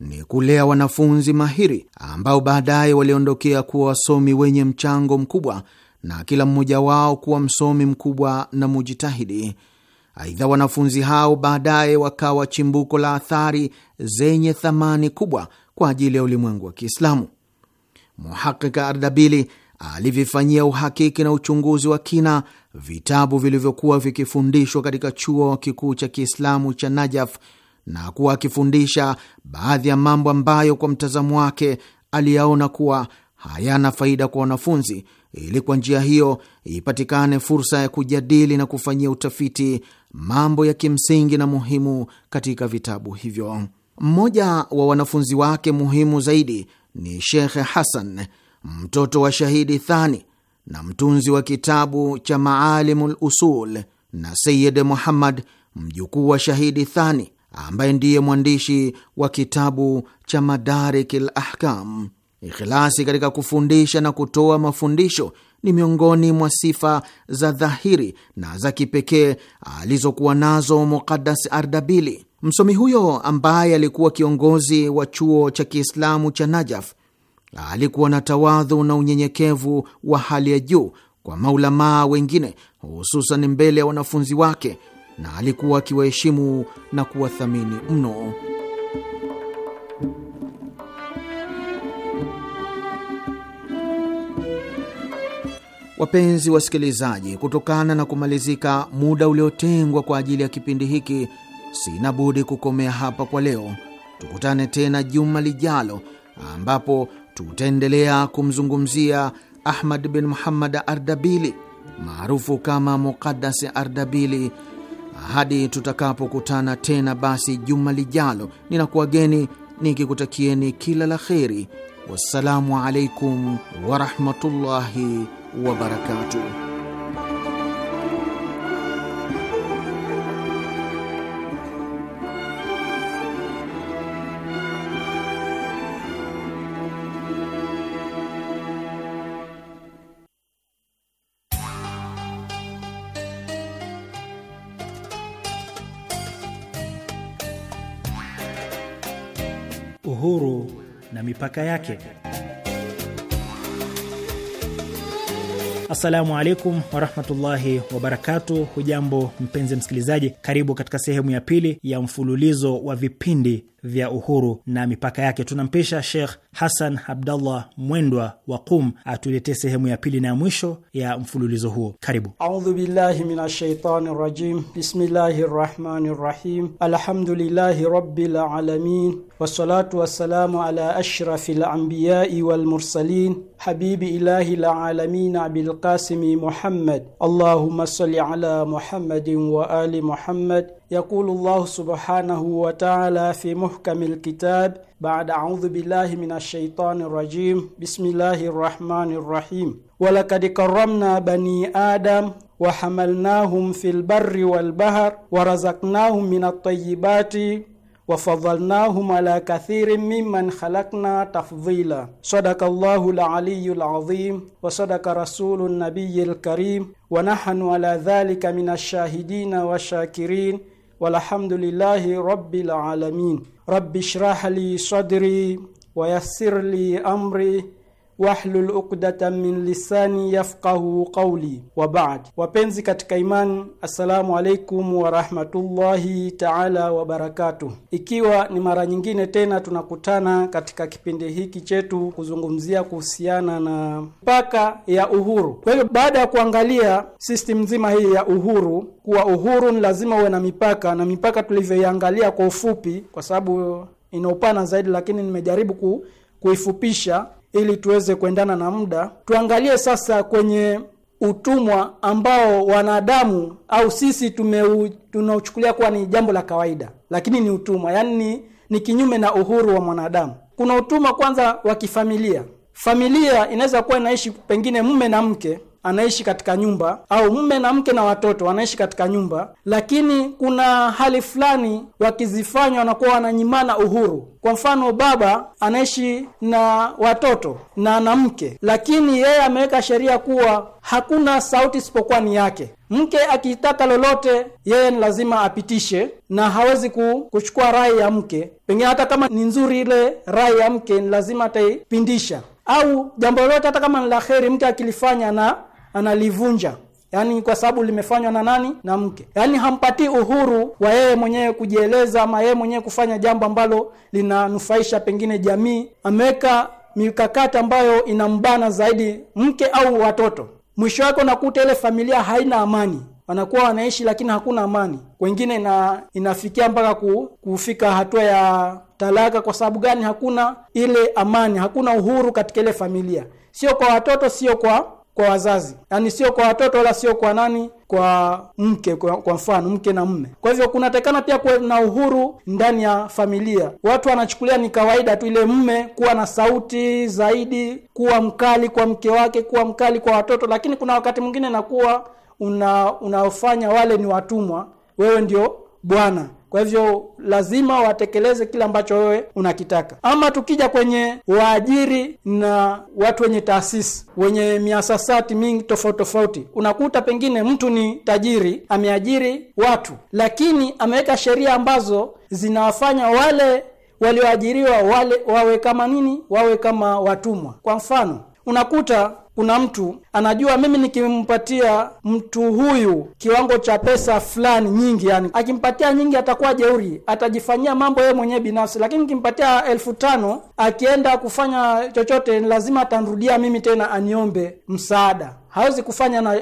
ni kulea wanafunzi mahiri ambao baadaye waliondokea kuwa wasomi wenye mchango mkubwa na kila mmoja wao kuwa msomi mkubwa na mujitahidi. Aidha, wanafunzi hao baadaye wakawa chimbuko la athari zenye thamani kubwa kwa ajili ya ulimwengu wa Kiislamu. Muhaqiq Ardabili alivyofanyia uhakiki na uchunguzi wa kina vitabu vilivyokuwa vikifundishwa katika chuo kikuu cha Kiislamu cha Najaf na kuwa akifundisha baadhi ya mambo ambayo kwa mtazamo wake aliyaona kuwa hayana faida kwa wanafunzi, ili kwa njia hiyo ipatikane fursa ya kujadili na kufanyia utafiti mambo ya kimsingi na muhimu katika vitabu hivyo. Mmoja wa wanafunzi wake muhimu zaidi ni Shekhe Hasan mtoto wa shahidi Thani na mtunzi wa kitabu cha Maalimul Usul na Sayid Muhammad mjukuu wa shahidi Thani ambaye ndiye mwandishi wa kitabu cha Madarikil Ahkam. Ikhilasi katika kufundisha na kutoa mafundisho ni miongoni mwa sifa za dhahiri na za kipekee alizokuwa nazo Muqaddas Ardabili. Msomi huyo ambaye alikuwa kiongozi wa chuo cha Kiislamu cha Najaf alikuwa na tawadhu na unyenyekevu wa hali ya juu kwa maulamaa wengine, hususan mbele ya wanafunzi wake, na alikuwa akiwaheshimu na kuwathamini mno. Wapenzi wasikilizaji, kutokana na kumalizika muda uliotengwa kwa ajili ya kipindi hiki, sina budi kukomea hapa kwa leo. Tukutane tena juma lijalo, ambapo tutaendelea kumzungumzia Ahmad bin Muhammad Ardabili maarufu kama Muqaddas Ardabili hadi tutakapokutana tena. Basi juma lijalo, ninakuwageni nikikutakieni kila la kheri. Wassalamu alaikum warahmatullahi wabarakatuh. uhuru na mipaka yake. Assalamu alaikum warahmatullahi wabarakatu. Hujambo mpenzi msikilizaji, karibu katika sehemu ya pili ya mfululizo wa vipindi vya uhuru na mipaka yake. Tunampisha Sheikh hasan Abdallah Mwendwa wa Qum atuletee sehemu ya pili na ya mwisho ya mfululizo huo. Karibu. Audhu billahi minash rajim. bismillahi rahmanir rahim. Alhamdulillahi rabbil alamin والصلاة والسلام على أشرف الأنبياء والمرسلين حبيب إله العالمين بالقاسم محمد اللهم صل على محمد وآل محمد يقول الله سبحانه وتعالى في محكم الكتاب بعد أعوذ بالله من الشيطان الرجيم بسم الله الرحمن الرحيم ولقد كرمنا بني آدم وحملناهم في البر والبحر ورزقناهم من الطيبات وفضلناهم على كثير ممن خلقنا تفضيلا صدق الله العلي العظيم وصدق رسول النبي الكريم ونحن على ذلك من الشاهدين والشاكرين والحمد لله رب العالمين رب اشرح لي صدري ويسر لي أمري wahlul uqdatan min lisani yafqahu qawli wa ba'd. Wapenzi katika imani, assalamu alaikum wa rahmatullahi ta'ala wa barakatuh. Ikiwa ni mara nyingine tena tunakutana katika kipindi hiki chetu kuzungumzia kuhusiana na mipaka ya uhuru. Kwa hiyo baada ya kuangalia system nzima hii ya uhuru kuwa uhuru ni lazima uwe na mipaka, na mipaka tulivyoiangalia kwa ufupi, kwa sababu ina upana zaidi, lakini nimejaribu ku, kuifupisha ili tuweze kuendana na muda, tuangalie sasa kwenye utumwa ambao wanadamu au sisi tunaochukulia tunauchukulia kuwa ni jambo la kawaida, lakini ni utumwa, yaani ni, ni kinyume na uhuru wa mwanadamu. Kuna utumwa kwanza wa kifamilia. Familia inaweza kuwa inaishi pengine mume na mke anaishi katika nyumba au mume na mke na watoto wanaishi katika nyumba, lakini kuna hali fulani wakizifanya wanakuwa wananyimana uhuru. Kwa mfano, baba anaishi na watoto na na mke, lakini yeye ameweka sheria kuwa hakuna sauti isipokuwa ni yake. Mke akitaka lolote, yeye ni lazima apitishe na hawezi kuchukua rai ya mke. Pengine hata kama ni nzuri ile rai ya mke, ni lazima ataipindisha, au jambo lolote hata kama ni la heri mke akilifanya na analivunja yaani kwa sababu limefanywa na nani na mke yaani hampatii uhuru wa yeye mwenyewe kujieleza ama yeye mwenyewe kufanya jambo ambalo linanufaisha pengine jamii ameweka mikakati ambayo inambana zaidi mke au watoto mwisho wake unakuta ile familia haina amani wanakuwa wanaishi lakini hakuna amani wengine ina, inafikia mpaka ku, kufika hatua ya talaka kwa sababu gani hakuna ile amani hakuna uhuru katika ile familia sio kwa watoto sio kwa kwa wazazi, yaani sio kwa watoto wala sio kwa nani, kwa mke kwa, kwa mfano mke na mme. Kwa hivyo kunatakana pia kuwe na uhuru ndani ya familia. Watu wanachukulia ni kawaida tu ile mme kuwa na sauti zaidi, kuwa mkali kwa mke wake, kuwa mkali kwa watoto, lakini kuna wakati mwingine nakuwa una unaofanya wale ni watumwa, wewe ndio bwana. Kwa hivyo lazima watekeleze kile ambacho wewe unakitaka. Ama tukija kwenye waajiri na watu wenye taasisi, wenye miasasati mingi tofauti tofauti, unakuta pengine mtu ni tajiri, ameajiri watu, lakini ameweka sheria ambazo zinawafanya wale walioajiriwa wale wawe kama nini, wawe kama watumwa. Kwa mfano unakuta kuna mtu anajua mimi nikimpatia mtu huyu kiwango cha pesa fulani nyingi, yani akimpatia nyingi atakuwa jeuri, atajifanyia mambo yeye mwenyewe binafsi, lakini nikimpatia elfu tano akienda kufanya chochote, lazima atanrudia mimi tena aniombe msaada. Hawezi kufanya na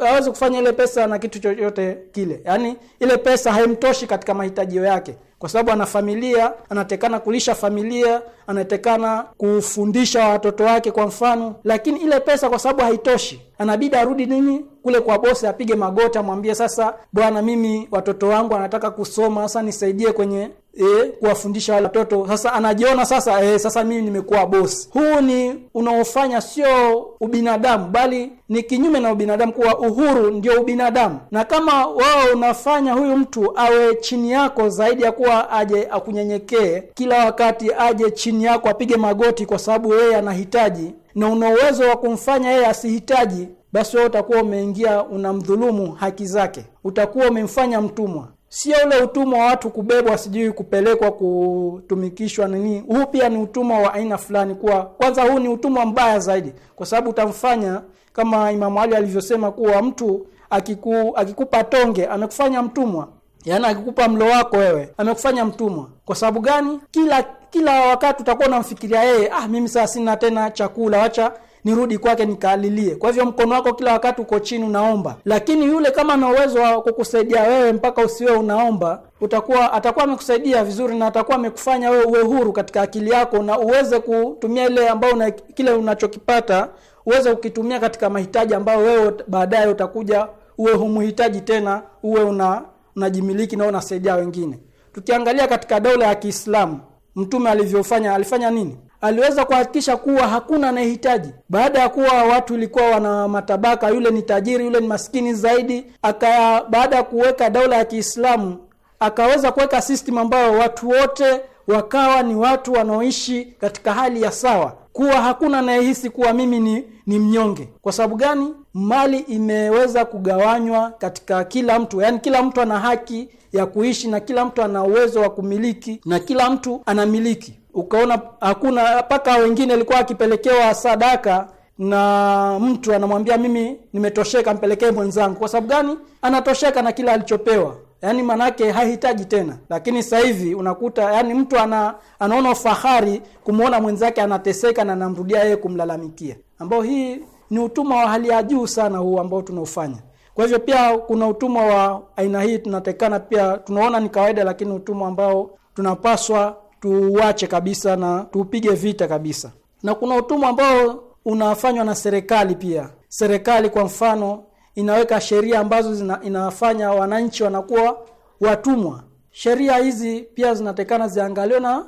hawezi kufanya ile pesa na kitu chochote kile, yani ile pesa haimtoshi katika mahitajio yake kwa sababu ana familia, anatekana kulisha familia, anatekana kufundisha watoto wake kwa mfano, lakini ile pesa kwa sababu haitoshi, anabidi arudi nini kule kwa bosi, apige magoti, amwambie sasa, bwana, mimi watoto wangu anataka kusoma, sasa nisaidie kwenye e, kuwafundisha wale watoto sasa anajiona sasa e, sasa mimi nimekuwa bosi huu ni unaofanya sio ubinadamu bali ni kinyume na ubinadamu kuwa uhuru ndio ubinadamu na kama wao unafanya huyu mtu awe chini yako zaidi ya kuwa aje akunyenyekee kila wakati aje chini yako apige magoti kwa sababu yeye anahitaji na una uwezo wa kumfanya yeye asihitaji basi wewe utakuwa umeingia unamdhulumu haki zake utakuwa umemfanya mtumwa sio ule utumwa wa watu kubebwa sijui kupelekwa kutumikishwa nini huu pia ni utumwa wa aina fulani kuwa kwanza huu ni utumwa mbaya zaidi kwa sababu utamfanya kama imamu Ali alivyosema kuwa mtu akiku, akikupa tonge amekufanya mtumwa yaani akikupa mlo wako wewe amekufanya mtumwa kwa sababu gani kila kila wakati utakuwa unamfikiria yeye ah mimi sasa sina tena chakula wacha nirudi kwake nikaalilie. Kwa hivyo mkono wako kila wakati uko chini unaomba, lakini yule kama ana uwezo wa kukusaidia wewe mpaka usiwe unaomba, utakuwa atakuwa amekusaidia vizuri na atakuwa amekufanya wewe uwe huru katika akili yako na uweze kutumia ile ambayo una, kile unachokipata uweze kukitumia katika mahitaji ambayo wewe baadaye utakuja uwe humhitaji tena, uwe una unajimiliki na unasaidia wengine. Tukiangalia katika dola ya Kiislamu, mtume alivyofanya alifanya nini? aliweza kuhakikisha kuwa hakuna anayehitaji. Baada ya kuwa watu ilikuwa wana matabaka, yule ni tajiri, yule ni maskini zaidi. Aka baada ya kuweka daula ya Kiislamu akaweza kuweka system ambayo watu wote wakawa ni watu wanaoishi katika hali ya sawa kuwa hakuna anayehisi kuwa mimi ni, ni mnyonge. Kwa sababu gani? Mali imeweza kugawanywa katika kila mtu, yaani kila mtu ana haki ya kuishi na kila mtu ana uwezo wa kumiliki na kila mtu anamiliki. Ukaona hakuna mpaka wengine alikuwa akipelekewa sadaka na mtu anamwambia mimi nimetosheka, mpelekee mwenzangu. Kwa sababu gani? Anatosheka na kila alichopewa yani manake hahitaji tena lakini sasa hivi unakuta yani mtu ana anaona fahari kumwona mwenzake anateseka na anamrudia yeye kumlalamikia ambao hii ni utumwa wa hali ya juu sana huu ambao tunaofanya kwa hivyo pia kuna utumwa wa aina hii tunatekana pia tunaona ni kawaida lakini utumwa ambao tunapaswa tuuache kabisa na tuupige vita kabisa na kuna utumwa ambao unafanywa na serikali pia serikali kwa mfano inaweka sheria ambazo zina, inafanya wananchi wanakuwa watumwa. Sheria hizi pia zinatekana ziangaliwe na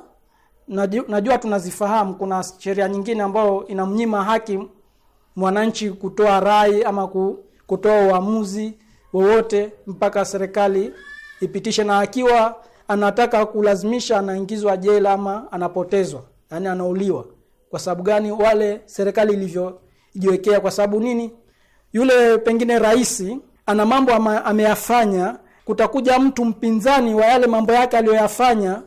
najua tunazifahamu. Kuna sheria nyingine ambayo inamnyima haki mwananchi kutoa rai ama kutoa uamuzi wowote mpaka serikali ipitishe, na akiwa anataka kulazimisha anaingizwa jela ama anapotezwa, yani anauliwa. Kwa sababu gani? Wale serikali ilivyojiwekea. Kwa sababu nini? yule pengine rais ana mambo ameyafanya, kutakuja mtu mpinzani wa yale mambo yake aliyoyafanya,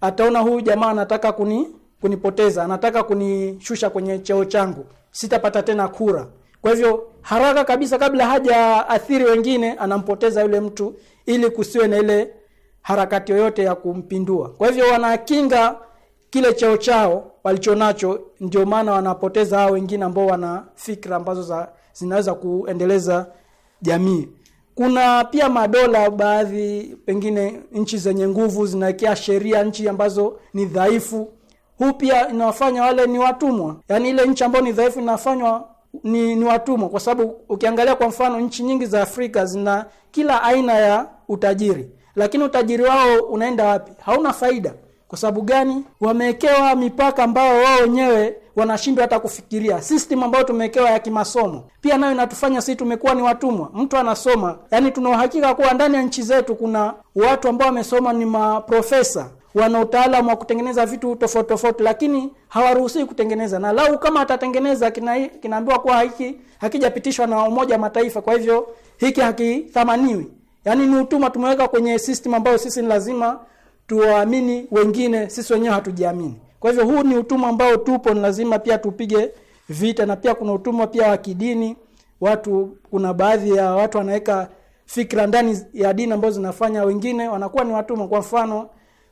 ataona huyu jamaa anataka kuni kunipoteza, anataka kunishusha kwenye cheo changu, sitapata tena kura. Kwa hivyo haraka kabisa, kabla haja athiri wengine, anampoteza yule mtu, ili kusiwe na ile harakati yoyote ya kumpindua. Kwa hivyo wanakinga kile cheo chao walichonacho, ndio maana wanapoteza hao wengine ambao wana fikra ambazo za zinaweza kuendeleza jamii. Kuna pia madola baadhi, pengine nchi zenye nguvu zinawekea sheria nchi ambazo ni dhaifu. Huu pia inawafanya wale ni watumwa, yaani ile nchi ambayo ni dhaifu inafanywa ni, ni watumwa, kwa sababu ukiangalia kwa mfano nchi nyingi za Afrika zina kila aina ya utajiri, lakini utajiri wao unaenda wapi? Hauna faida. Kwa sababu gani? Wamewekewa mipaka ambayo wao wenyewe wanashindwa hata kufikiria. System ambayo tumewekewa ya kimasomo pia nayo inatufanya sisi tumekuwa ni watumwa. Mtu anasoma, yani tuna uhakika kuwa ndani ya nchi zetu kuna watu ambao wamesoma, ni maprofesa wana utaalamu wa kutengeneza vitu tofauti tofauti, lakini hawaruhusiwi kutengeneza, na lau kama atatengeneza kinaambiwa kuwa hiki hakijapitishwa na Umoja wa Mataifa, kwa hivyo hiki hakithamaniwi. Yani ni utumwa tumeweka kwenye system ambayo sisi ni lazima tuwaamini wengine sisi wenyewe hatujiamini kwa hivyo huu ni utumwa ambao tupo ni lazima pia tupige vita na pia kuna utumwa pia wa kidini watu kuna baadhi ya watu wanaweka fikra ndani ya dini ambazo zinafanya wengine wanakuwa ni watumwa kwa mfano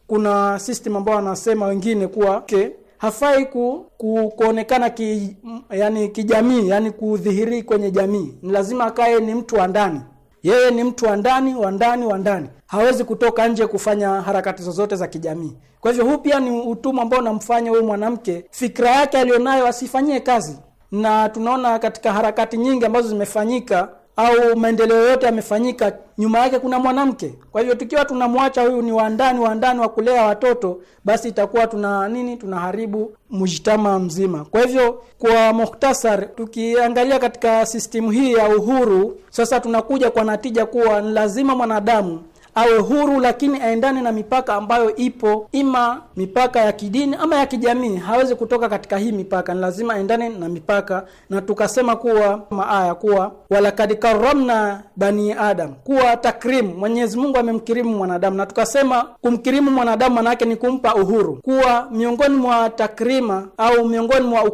kuna system ambao wanasema wengine kuwa okay, hafai ku, ku, kuonekana ki, yani kijamii yani kudhihiri kwenye jamii ni lazima akae ni mtu wa ndani yeye ni mtu wa ndani wa ndani wa ndani, hawezi kutoka nje kufanya harakati zozote za kijamii. Kwa hivyo, huu pia ni utumwa ambao unamfanya huyu mwanamke fikra yake aliyonayo asifanyie kazi, na tunaona katika harakati nyingi ambazo zimefanyika au maendeleo yote yamefanyika nyuma yake kuna mwanamke kwa hivyo tukiwa tunamwacha huyu ni wandani wandani wa kulea watoto basi itakuwa tuna nini tunaharibu mujtama mzima kwa hivyo kwa muhtasar tukiangalia katika sistimu hii ya uhuru sasa tunakuja kwa natija kuwa ni lazima mwanadamu awe huru, lakini aendane na mipaka ambayo ipo, ima mipaka ya kidini ama ya kijamii. Hawezi kutoka katika hii mipaka, ni lazima aendane na mipaka. Na tukasema kuwa maaya kuwa walakad karamna bani adam, kuwa takrimu, Mwenyezi Mungu amemkirimu mwanadamu. Na tukasema kumkirimu mwanadamu manake ni kumpa uhuru, kuwa miongoni mwa takrima au miongoni mwa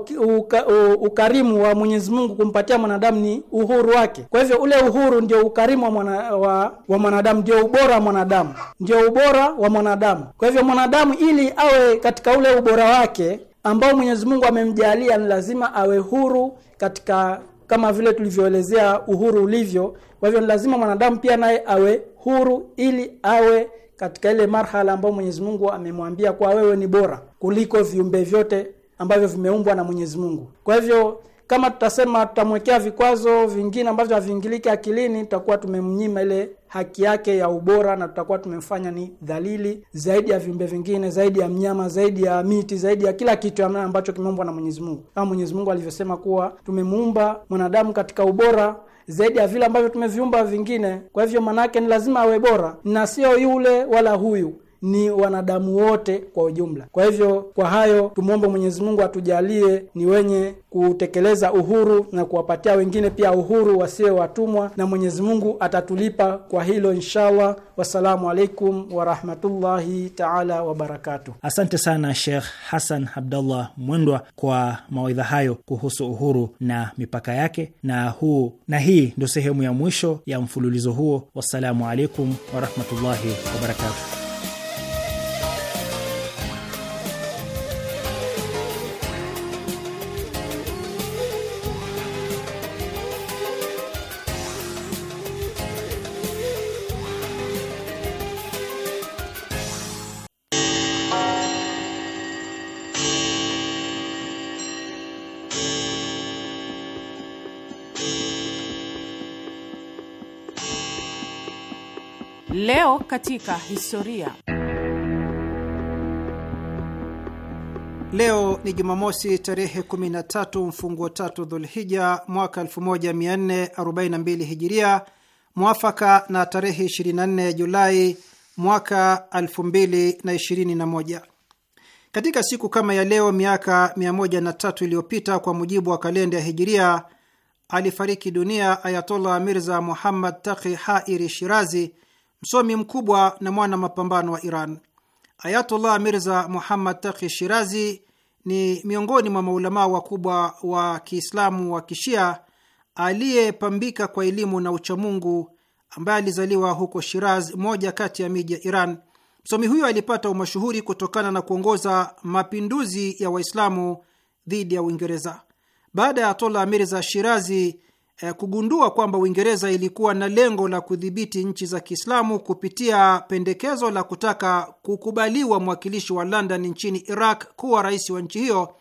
ukarimu wa Mwenyezi Mungu kumpatia mwanadamu ni uhuru wake. Kwa hivyo ule uhuru ndio ukarimu wa wa mwanadamu ndio ubora ubora wa mwanadamu, ndio ubora wa mwanadamu. Kwa hivyo mwanadamu ili awe katika ule ubora wake ambao Mwenyezi Mungu amemjalia, ni lazima awe huru katika kama vile tulivyoelezea uhuru ulivyo. Kwa hivyo ni lazima mwanadamu pia naye awe huru ili awe katika ile marhala ambayo Mwenyezi Mungu amemwambia kwa wewe ni bora kuliko viumbe vyote ambavyo vimeumbwa na Mwenyezi Mungu. Kwa hivyo kama tutasema tutamwekea vikwazo vingine ambavyo haviingiliki akilini, tutakuwa tumemnyima ile haki yake ya ubora, na tutakuwa tumemfanya ni dhalili zaidi ya viumbe vingine, zaidi ya mnyama, zaidi ya miti, zaidi ya kila kitu ambacho kimeumbwa na Mwenyezi Mungu, kama Mwenyezi Mungu alivyosema kuwa tumemuumba mwanadamu katika ubora zaidi ya vile ambavyo tumeviumba vingine. Kwa hivyo, manake ni lazima awe bora na sio yule wala huyu ni wanadamu wote kwa ujumla. Kwa hivyo, kwa hayo tumwombe Mwenyezi Mungu atujalie ni wenye kutekeleza uhuru na kuwapatia wengine pia uhuru wasiwe watumwa, na Mwenyezi Mungu atatulipa kwa hilo inshallah. Wassalamu alaikum warahmatullahi taala wabarakatuh. Asante sana Sheikh Hassan Abdallah Mwendwa kwa mawaidha hayo kuhusu uhuru na mipaka yake. Na huu na hii ndio sehemu ya mwisho ya mfululizo huo. Wassalamu alaikum warahmatullahi wabarakatuh. katika historia. Leo ni Jumamosi, tarehe 13 mfunguo tatu Dhulhija mwaka 1442 Hijiria, mwafaka na tarehe 24 Julai mwaka 2021. Katika siku kama ya leo miaka 103 iliyopita kwa mujibu wa kalenda ya Hijiria alifariki dunia Ayatollah Mirza Muhammad Taqi Hairi Shirazi, msomi mkubwa na mwana mapambano wa Iran. Ayatullah Mirza Muhammad taki Shirazi ni miongoni mwa maulamaa wakubwa wa Kiislamu wa Kishia aliyepambika kwa elimu na uchamungu ambaye alizaliwa huko Shiraz, moja kati ya miji ya Iran. Msomi huyo alipata umashuhuri kutokana na kuongoza mapinduzi ya Waislamu dhidi ya Uingereza. Baada ya Ayatollah Mirza Shirazi, eh, kugundua kwamba Uingereza ilikuwa na lengo la kudhibiti nchi za Kiislamu kupitia pendekezo la kutaka kukubaliwa mwakilishi wa London nchini Iraq kuwa rais wa nchi hiyo,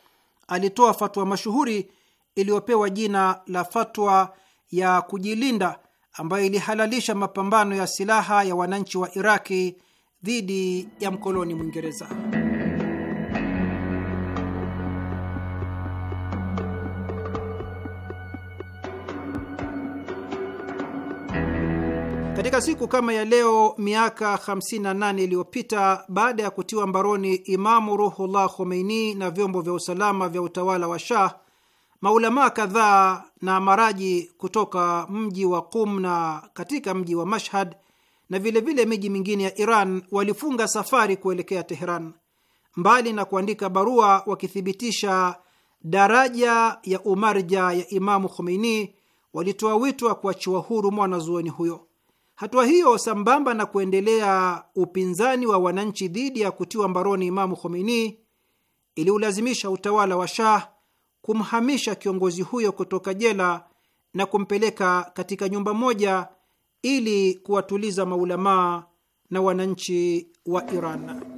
alitoa fatwa mashuhuri iliyopewa jina la fatwa ya kujilinda ambayo ilihalalisha mapambano ya silaha ya wananchi wa Iraki dhidi ya mkoloni Mwingereza. Katika siku kama ya leo miaka 58 iliyopita, baada ya kutiwa mbaroni Imamu Ruhullah Khomeini na vyombo vya usalama vya utawala wa Shah, maulamaa kadhaa na maraji kutoka mji wa Qum na katika mji wa Mashhad na vilevile miji mingine ya Iran walifunga safari kuelekea Teheran, mbali na kuandika barua wakithibitisha daraja ya umarja ya Imamu Khomeini, walitoa wito wa kuachiwa huru mwanazuoni huyo. Hatua hiyo sambamba na kuendelea upinzani wa wananchi dhidi ya kutiwa mbaroni Imamu Khomeini iliulazimisha utawala wa Shah kumhamisha kiongozi huyo kutoka jela na kumpeleka katika nyumba moja ili kuwatuliza maulamaa na wananchi wa Iran.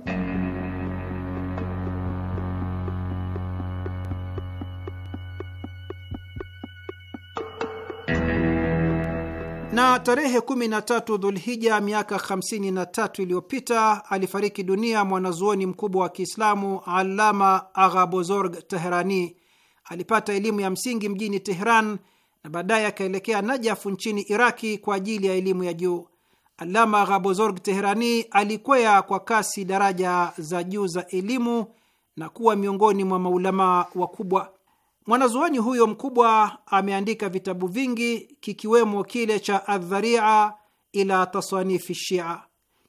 na tarehe 13 Dhulhija miaka 53 iliyopita alifariki dunia mwanazuoni mkubwa wa Kiislamu alama Aghabozorg Teherani. Alipata elimu ya msingi mjini teheran na baadaye akaelekea Najafu nchini Iraki kwa ajili ya elimu ya juu. alama Aghabozorg Teherani alikwea kwa kasi daraja za juu za elimu na kuwa miongoni mwa maulamaa wakubwa. Mwanazuoni huyo mkubwa ameandika vitabu vingi kikiwemo kile cha Adharia ila tasanifi Shia.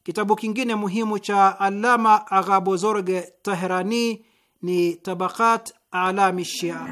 Kitabu kingine muhimu cha Allama Aghabozorge Taherani ni Tabakat Alami Shia.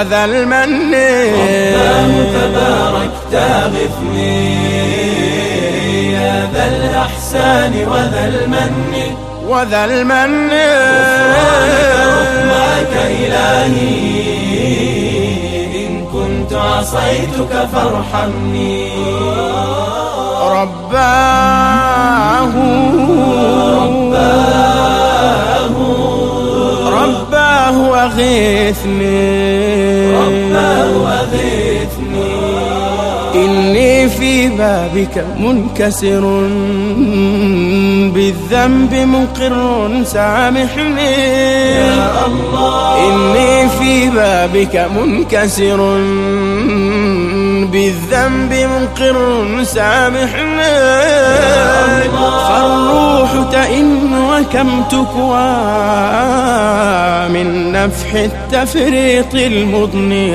وذا المن رباه تبارك تغفني يا ذا الأحسان وذا المن وذا المن رحمك إلهي إن كنت عصيتك فارحمني رباه رباه رباه وغثني إني في بابك منكسر بالذنب مقر سامحني يا الله إني في بابك منكسر بالذنب منقر سامحنا فالروح تئن وكم تكوى من نفح التفريط المضني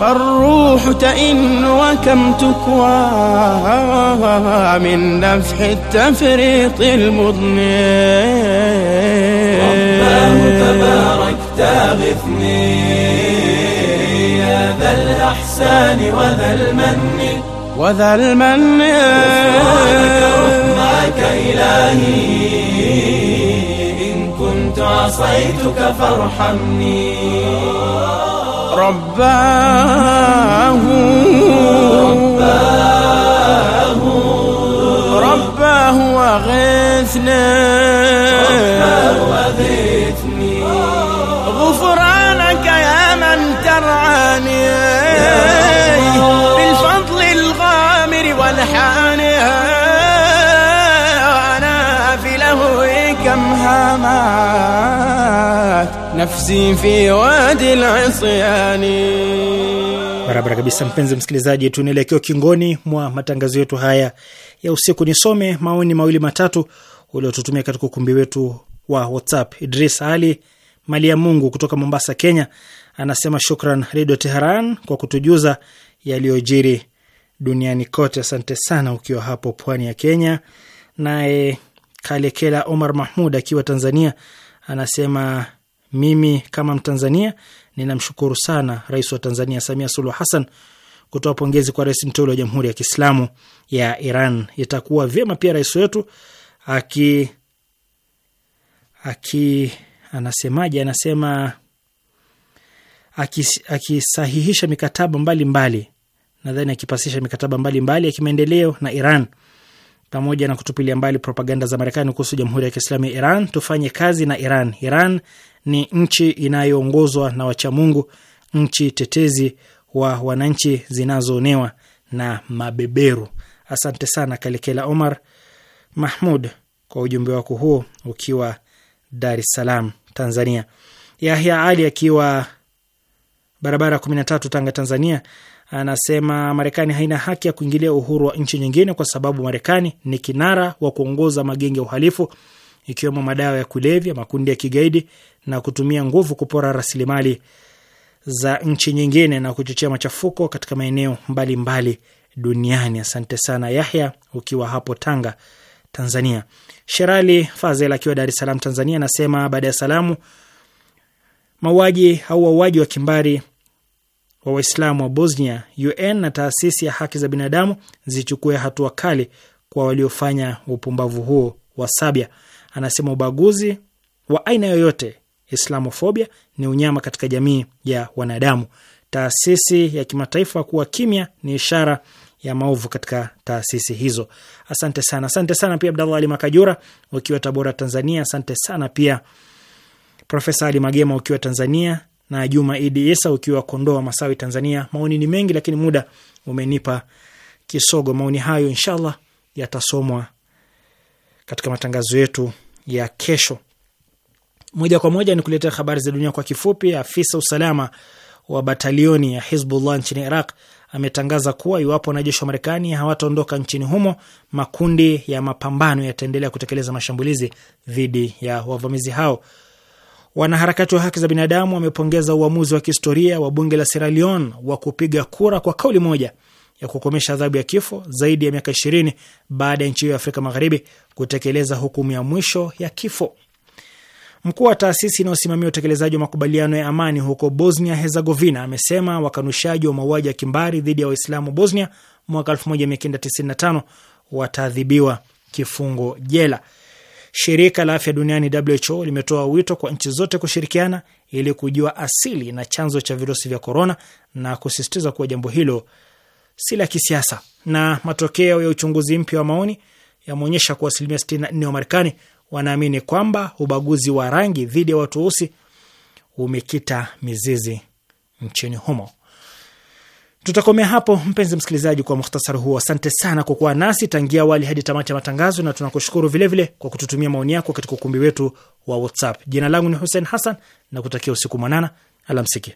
فالروح تئن وكم تكوى من نفح التفريط المضني رباه تبارك تغثني يا ذا الإحسان وذا المن وذا المن رحمك إلهي إن كنت عصيتك فارحمني رباه رباه رباه وغثنا رباه وغثنا والحانها وانا في له كم هامات نفسي في وادي العصيان Barabara kabisa, mpenzi msikilizaji, tunaelekea kingoni mwa matangazo yetu haya ya usiku. Nisome maoni mawili matatu uliotutumia katika ukumbi wetu wa WhatsApp. Idris Ali mali ya Mungu kutoka Mombasa, Kenya, anasema shukran Redio Teheran kwa kutujuza yaliyojiri duniani kote. Asante sana ukiwa hapo pwani ya Kenya. Naye Kalekela Omar Mahmud akiwa Tanzania anasema mimi kama Mtanzania ninamshukuru sana Rais wa Tanzania Samia Suluhu Hassan kutoa pongezi kwa rais mteule wa Jamhuri ya Kiislamu ya Iran. Itakuwa vyema pia rais wetu aki aki anasemaje, anasema akisahihisha mikataba mbalimbali mbali nadhani akipasisha mikataba mbalimbali ya kimaendeleo na Iran pamoja na kutupilia mbali propaganda za Marekani kuhusu Jamhuri ya Kiislamu ya Iran. Tufanye kazi na Iran. Iran ni nchi inayoongozwa na wachamungu, nchi tetezi wa wananchi zinazoonewa na mabeberu. Asante sana Kalekela Omar Mahmud kwa ujumbe wako huo ukiwa Dar es Salaam, Tanzania. Yahya Ali akiwa barabara kumi na tatu Tanga, Tanzania anasema Marekani haina haki ya kuingilia uhuru wa nchi nyingine kwa sababu Marekani ni kinara wa kuongoza magenge ya uhalifu ikiwemo madawa ya kulevya, makundi ya kigaidi na kutumia nguvu kupora rasilimali za nchi nyingine na kuchochea machafuko katika maeneo mbalimbali duniani. Asante sana Yahya ukiwa hapo Tanga, Tanzania. Sherali Fazel akiwa Dar es Salaam, Tanzania anasema baada ya salamu, mauaji au wauaji wa kimbari wa Waislamu wa Bosnia, UN na taasisi ya haki za binadamu zichukue hatua kali kwa waliofanya upumbavu huo wa Sabia. Anasema ubaguzi wa aina yoyote, Islamofobia, ni unyama katika jamii ya wanadamu. Taasisi ya kimataifa kuwa kimya ni ishara ya maovu katika taasisi hizo. Asante sana, asante sana pia Abdallah Ali Makajura ukiwa Tabora, Tanzania. Asante sana pia Profesa Ali Magema ukiwa Tanzania na Juma Idi Isa ukiwa Kondoa Masawi, Tanzania. Maoni ni mengi, lakini muda umenipa kisogo. Maoni hayo inshallah yatasomwa katika matangazo yetu ya kesho. Moja kwa moja ni kuletea habari za dunia kwa kifupi. Afisa usalama wa batalioni ya Hizbullah nchini Iraq ametangaza kuwa iwapo wanajeshi wa Marekani hawataondoka nchini humo, makundi ya mapambano yataendelea kutekeleza mashambulizi dhidi ya wavamizi hao. Wanaharakati wa haki za binadamu wamepongeza uamuzi wa kihistoria wa bunge la Sierra Leone wa kupiga kura kwa kauli moja ya kukomesha adhabu ya kifo zaidi ya miaka ishirini baada ya nchi hiyo ya Afrika Magharibi kutekeleza hukumu ya mwisho ya kifo. Mkuu wa taasisi inayosimamia utekelezaji wa makubaliano ya amani huko Bosnia Herzegovina amesema wakanushaji wa mauaji ya kimbari dhidi ya Waislamu Bosnia mwaka 1995 wataadhibiwa kifungo jela. Shirika la afya duniani WHO limetoa wito kwa nchi zote kushirikiana ili kujua asili na chanzo cha virusi vya korona na kusisitiza kuwa jambo hilo si la kisiasa. Na matokeo ya uchunguzi mpya wa maoni yameonyesha kuwa asilimia 64 wa Marekani wanaamini kwamba ubaguzi wa rangi dhidi ya watu weusi umekita mizizi nchini humo. Tutakomea hapo mpenzi msikilizaji, kwa muhtasari huo. Asante sana kwa kuwa nasi tangia awali hadi tamati ya matangazo, na tunakushukuru vilevile kwa kututumia maoni yako katika ukumbi wetu wa WhatsApp. Jina langu ni Hussein Hassan na kutakia usiku mwanana, alamsiki.